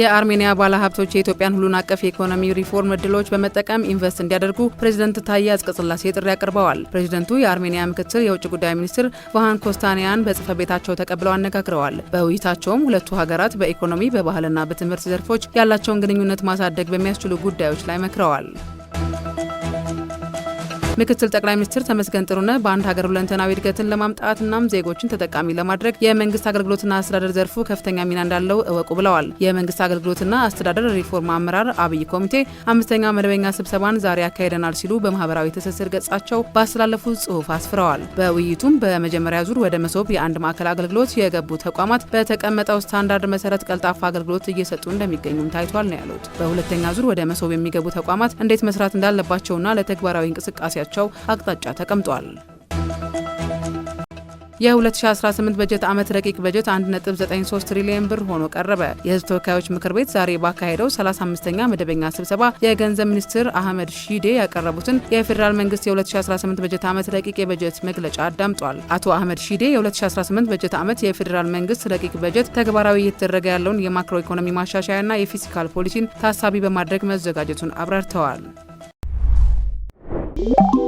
የአርሜኒያ ባለሀብቶች የኢትዮጵያን ሁሉን አቀፍ የኢኮኖሚ ሪፎርም እድሎች በመጠቀም ኢንቨስት እንዲያደርጉ ፕሬዚደንት ታዬ አጽቀሥላሴ ጥሪ አቅርበዋል። ፕሬዚደንቱ የአርሜኒያ ምክትል የውጭ ጉዳይ ሚኒስትር ቫሃን ኮስታንያን በጽህፈት ቤታቸው ተቀብለው አነጋግረዋል። በውይይታቸውም ሁለቱ ሀገራት በኢኮኖሚ በባህልና በትምህርት ዘርፎች ያላቸውን ግንኙነት ማሳደግ በሚያስችሉ ጉዳዮች ላይ መክረዋል። ምክትል ጠቅላይ ሚኒስትር ተመስገን ጥሩነህ በአንድ ሀገር ሁለንተናዊ እድገትን ለማምጣትናም ዜጎችን ተጠቃሚ ለማድረግ የመንግስት አገልግሎትና አስተዳደር ዘርፉ ከፍተኛ ሚና እንዳለው እወቁ ብለዋል። የመንግስት አገልግሎትና አስተዳደር ሪፎርም አመራር አብይ ኮሚቴ አምስተኛ መደበኛ ስብሰባን ዛሬ ያካሄደናል ሲሉ በማህበራዊ ትስስር ገጻቸው ባስተላለፉት ጽሁፍ አስፍረዋል። በውይይቱም በመጀመሪያ ዙር ወደ መሶብ የአንድ ማዕከል አገልግሎት የገቡ ተቋማት በተቀመጠው ስታንዳርድ መሰረት ቀልጣፋ አገልግሎት እየሰጡ እንደሚገኙም ታይቷል ነው ያሉት። በሁለተኛ ዙር ወደ መሶብ የሚገቡ ተቋማት እንዴት መስራት እንዳለባቸውና ለተግባራዊ እንቅስቃሴ ፖሊሲያቸው አቅጣጫ ተቀምጧል። የ2018 በጀት ዓመት ረቂቅ በጀት 1.93 ትሪሊዮን ብር ሆኖ ቀረበ። የሕዝብ ተወካዮች ምክር ቤት ዛሬ ባካሄደው 35ኛ መደበኛ ስብሰባ የገንዘብ ሚኒስትር አህመድ ሺዴ ያቀረቡትን የፌዴራል መንግስት የ2018 በጀት ዓመት ረቂቅ የበጀት መግለጫ አዳምጧል። አቶ አህመድ ሺዴ የ2018 በጀት ዓመት የፌዴራል መንግስት ረቂቅ በጀት ተግባራዊ እየተደረገ ያለውን የማክሮ ኢኮኖሚ ማሻሻያና የፊስካል ፖሊሲን ታሳቢ በማድረግ መዘጋጀቱን አብራርተዋል። Thank you